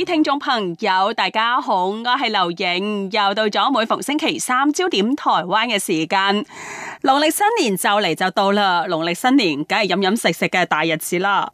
啲聽眾朋友，大家好，我係劉穎，又到咗每逢星期三焦點台灣嘅時間。農曆新年就嚟就到啦，農曆新年梗係飲飲食食嘅大日子啦。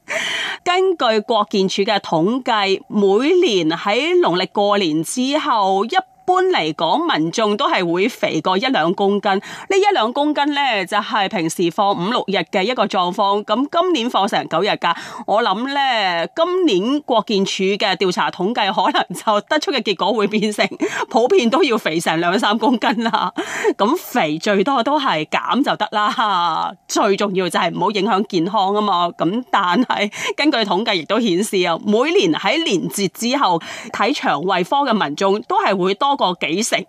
根據國健署嘅統計，每年喺農曆過年之後一一般嚟講，民眾都係會肥過一兩公斤，呢一兩公斤咧就係平時放五六日嘅一個狀況。咁今年放成九日噶，我諗咧今年國建署嘅調查統計可能就得出嘅結果會變成普遍都要肥成兩三公斤啦。咁肥最多都係減就得啦，最重要就係唔好影響健康啊嘛。咁但係根據統計亦都顯示啊，每年喺年節之後睇腸胃科嘅民眾都係會多。過幾成？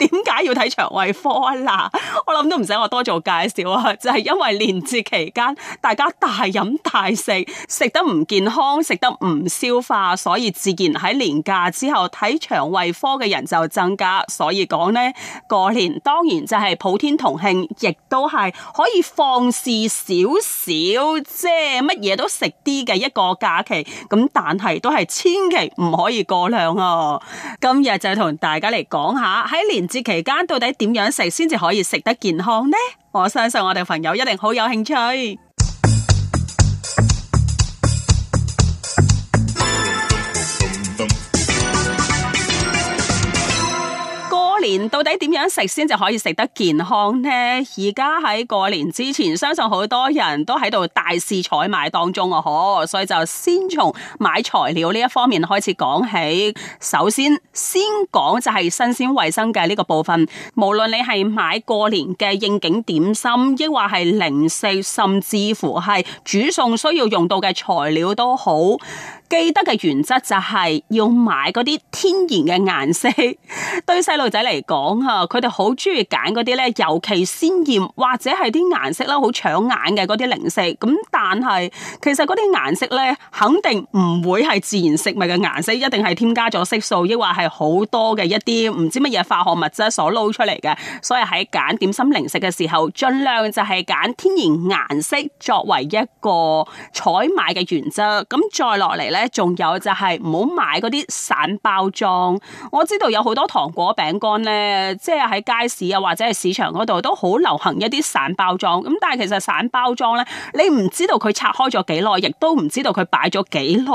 點解要睇腸胃科啦？我諗都唔使我多做介紹啊，就係因為年節期間大家大飲大食，食得唔健康，食得唔消化，所以自然喺年假之後睇腸胃科嘅人就增加。所以講呢，過年當然就係普天同慶，亦都係可以放肆少少，即係乜嘢都食啲嘅一個假期。咁但係都係千祈唔可以過量哦。今日就同大家嚟講下喺年節期間到底點樣食先至可以食得健康呢？我相信我哋朋友一定好有興趣。到底點樣食先至可以食得健康呢？而家喺過年之前，相信好多人都喺度大肆採買當中啊！嗬，所以就先從買材料呢一方面開始講起。首先，先講就係新鮮衛生嘅呢個部分。無論你係買過年嘅應景點心，亦或係零食，甚至乎係煮餸需要用到嘅材料都好，記得嘅原則就係要買啲天然嘅顏色。 對細路仔嚟。講吓，佢哋好中意揀嗰啲咧，尤其鮮艷或者係啲顏色啦，好搶眼嘅嗰啲零食。咁但係其實嗰啲顏色咧，肯定唔會係自然食物嘅顏色，一定係添加咗色素，亦或係好多嘅一啲唔知乜嘢化學物質所撈出嚟嘅。所以喺揀點心零食嘅時候，盡量就係揀天然顏色作為一個採買嘅原則。咁再落嚟咧，仲有就係唔好買嗰啲散包裝。我知道有好多糖果餅乾咧。誒、呃，即係喺街市啊，或者係市場嗰度都好流行一啲散包裝。咁但係其實散包裝呢，你唔知道佢拆開咗幾耐，亦都唔知道佢擺咗幾耐。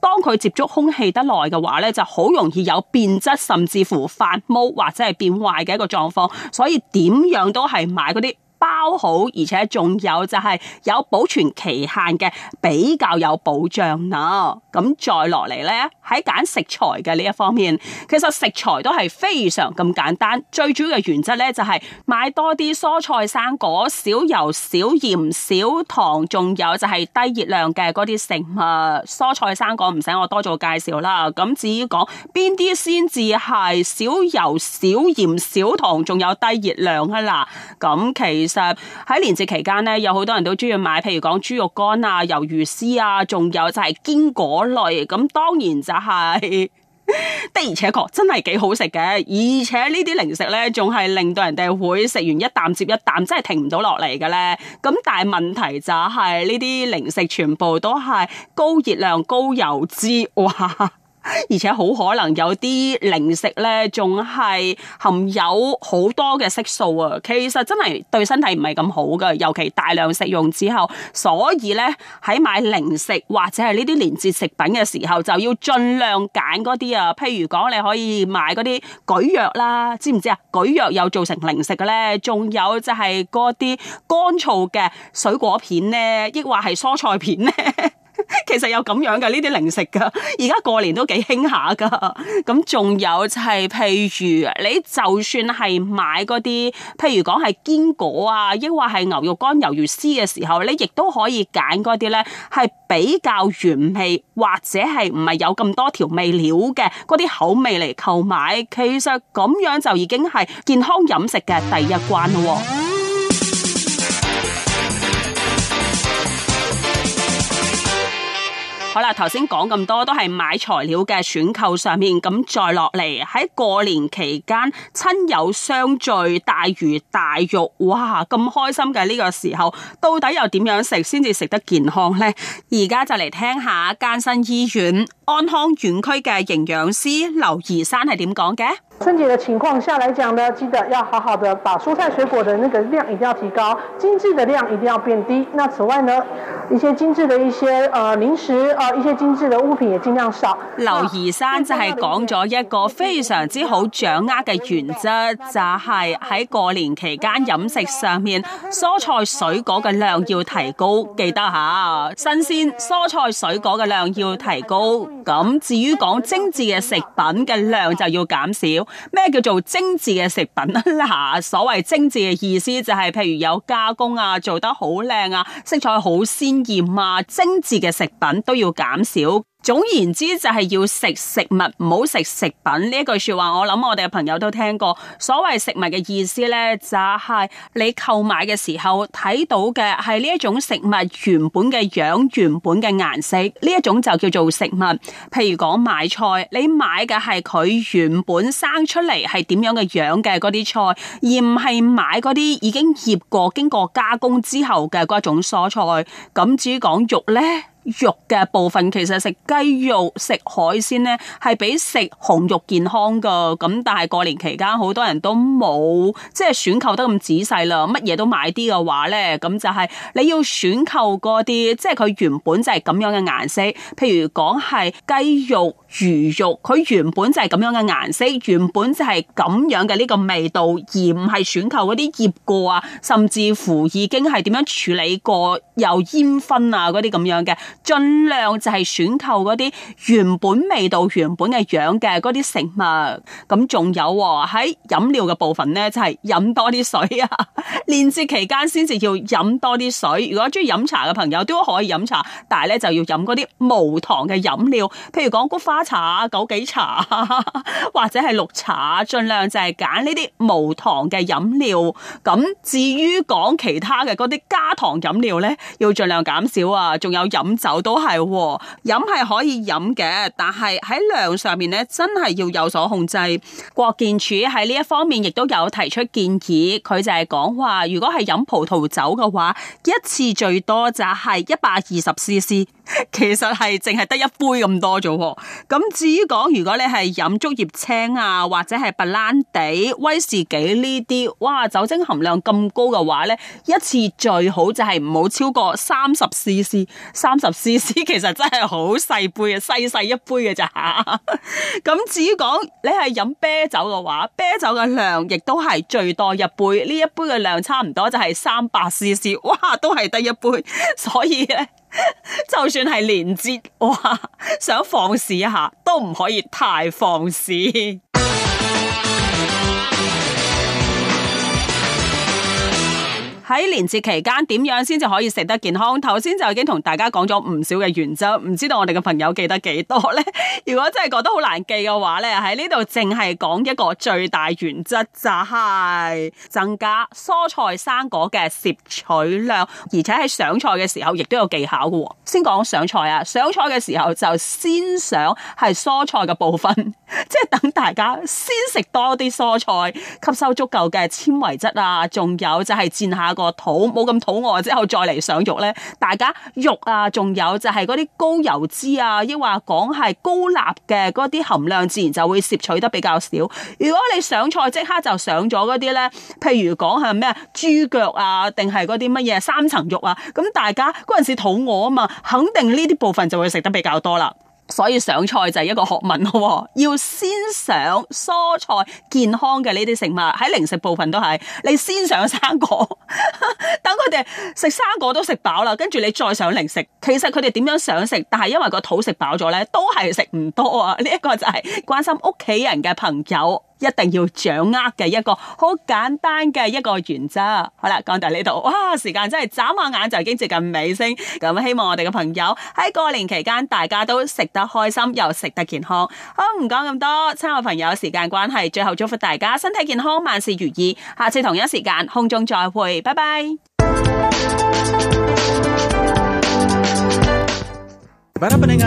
當佢接觸空氣得耐嘅話呢，就好容易有變質，甚至乎發毛或者係變壞嘅一個狀況。所以點樣都係買嗰啲包好，而且仲有就係有保存期限嘅，比較有保障咯。咁再落嚟咧，喺揀食材嘅呢一方面，其實食材都係非常咁簡單，最主要嘅原則咧就係買多啲蔬菜生果，少油少鹽少糖，仲有就係低熱量嘅嗰啲食物。蔬菜生果唔使我多做介紹啦，咁至於講邊啲先至係少油少鹽少糖，仲有低熱量啊啦。咁其其實喺年節期間咧，有好多人都中意買，譬如講豬肉乾啊、魷魚絲啊，仲有就係堅果類。咁當然就係、是、 的而且確真係幾好食嘅，而且呢啲零食咧，仲係令到人哋會食完一啖接一啖，真係停唔到落嚟嘅咧。咁但係問題就係呢啲零食全部都係高熱量、高油脂哇。 而且好可能有啲零食咧，仲係含有好多嘅色素啊！其實真係對身體唔係咁好嘅，尤其大量食用之後。所以咧喺買零食或者係呢啲連接食品嘅時候，就要盡量揀嗰啲啊。譬如講，你可以買嗰啲蒟蒻啦，知唔知啊？蒟蒻又做成零食嘅咧，仲有就係嗰啲乾燥嘅水果片咧，抑或係蔬菜片咧。 其實有咁樣嘅呢啲零食噶，而家過年都幾興下噶。咁仲有就係、是、譬如你就算係買嗰啲，譬如講係堅果啊，抑或係牛肉乾、魷魚絲嘅時候，你亦都可以揀嗰啲呢係比較原味，或者係唔係有咁多調味料嘅嗰啲口味嚟購買。其實咁樣就已經係健康飲食嘅第一關咯。好啦，頭先講咁多都係買材料嘅選購上面，咁再落嚟，喺過年期間親友相聚，大魚大肉，哇咁開心嘅呢個時候，到底又點樣食先至食得健康呢？而家就嚟聽下耕莘醫院安康院區嘅營養師劉宜山係點講嘅。春節的情況下來講呢，記得要好好的把蔬菜水果的那個量一定要提高，精緻的量一定要變低。那此外呢，一些精緻的一些呃零食啊，一些精緻的物品也盡量少。劉宜山就係講咗一個非常之好掌握嘅原則，就係喺過年期間飲食上面，蔬菜水果嘅量要提高，記得吓新鮮蔬菜水果嘅量要提高。咁至於講精緻嘅食品嘅量就要減少。咩叫做精緻嘅食品？嗱， 所謂精緻嘅意思就係譬如有加工啊，做得好靚啊，色彩好鮮艷啊，精緻嘅食品都要減少。總言之，就係要食食物，唔好食食品呢一句說話，我諗我哋嘅朋友都聽過。所謂食物嘅意思呢，就係你購買嘅時候睇到嘅係呢一種食物原本嘅樣、原本嘅顏色，呢一種就叫做食物。譬如講買菜，你買嘅係佢原本生出嚟係點樣嘅樣嘅嗰啲菜，而唔係買嗰啲已經醃過、經過加工之後嘅嗰一種蔬菜。咁至於講肉呢。肉嘅部分，其實食雞肉、食海鮮呢係比食紅肉健康㗎，咁但係過年期間好多人都冇即係選購得咁仔細啦，乜嘢都買啲嘅話呢，咁就係你要選購嗰啲即係佢原本就係咁樣嘅顏色，譬如講係雞肉、魚肉，佢原本就係咁樣嘅顏色，原本就係咁樣嘅呢個味道，而唔係選購嗰啲醃過啊，甚至乎已經係點樣處理過又煙燻啊嗰啲咁樣嘅。盡量就係選購啲原本味道，原本嘅樣嘅啲食物，咁仲有喎、哦、喺飲料嘅部分咧，就係、是、飲多啲水啊！年節期間先至要飲多啲水。如果中意飲茶嘅朋友都可以飲茶，但係咧就要飲啲無糖嘅飲料，譬如講菊花茶啊、枸杞茶或者係綠茶，盡量就係揀呢啲無糖嘅飲料。咁至於講其他嘅啲加糖飲料咧，要盡量減少啊！仲有飲。酒都係喎、哦，飲係可以飲嘅，但係喺量上面咧，真係要有所控制。國健署喺呢一方面亦都有提出建議，佢就係講話如果係飲葡萄酒嘅話，一次最多就係一百二十 cc。其實係淨係得一杯咁多咋喎。咁至於講，如果你係飲竹葉青啊，或者係白蘭地威士忌呢啲，哇，酒精含量咁高嘅話呢，一次最好就係唔好超過三十 cc，三十 cc 其實真係好細杯啊，細細一杯嘅咋。咁 至於講你係飲啤酒嘅話，啤酒嘅量亦都係最多一杯，呢一杯嘅量差唔多就係三百 cc，哇，都係得一杯，所以咧。 就算係連接，哇！想放肆一下，都唔可以太放肆。喺年節期間點樣先至可以食得健康？頭先就已經同大家講咗唔少嘅原則，唔知道我哋嘅朋友記得幾多呢？如果真係覺得好難記嘅話呢，喺呢度淨係講一個最大原則，就係增加蔬菜生果嘅攝取量，而且喺上菜嘅時候亦都有技巧嘅喎。先講上菜啊，上菜嘅時候就先上係蔬菜嘅部分，即係等大家先食多啲蔬菜，吸收足夠嘅纖維質啊，仲有就係煎下。個肚冇咁肚餓之後再嚟，上肉咧，大家肉啊，仲有就係嗰啲高油脂啊，抑或講係高鈉嘅嗰啲含量，自然就會攝取得比較少。如果你上菜即刻就上咗嗰啲咧，譬如講係咩豬腳啊，定係嗰啲乜嘢三層肉啊，咁大家嗰陣時肚餓啊嘛，肯定呢啲部分就會食得比較多啦。所以上菜就係一個學問咯，要先上蔬菜健康嘅呢啲食物，喺零食部分都係，你先上生果， 等佢哋食生果都食飽啦，跟住你再上零食。其實佢哋點樣想食，但係因為個肚食飽咗呢，都係食唔多啊！呢一個就係關心屋企人嘅朋友。一定要掌握嘅一個好簡單嘅一個原則，好啦，講到呢度，哇，時間真係眨下眼就已經接近尾聲，咁希望我哋嘅朋友喺過年期間大家都食得開心又食得健康，好，唔講咁多，親愛朋友，時間關係，最後祝福大家身體健康，萬事如意，下次同一時間空中再會，拜拜。不如我哋今日。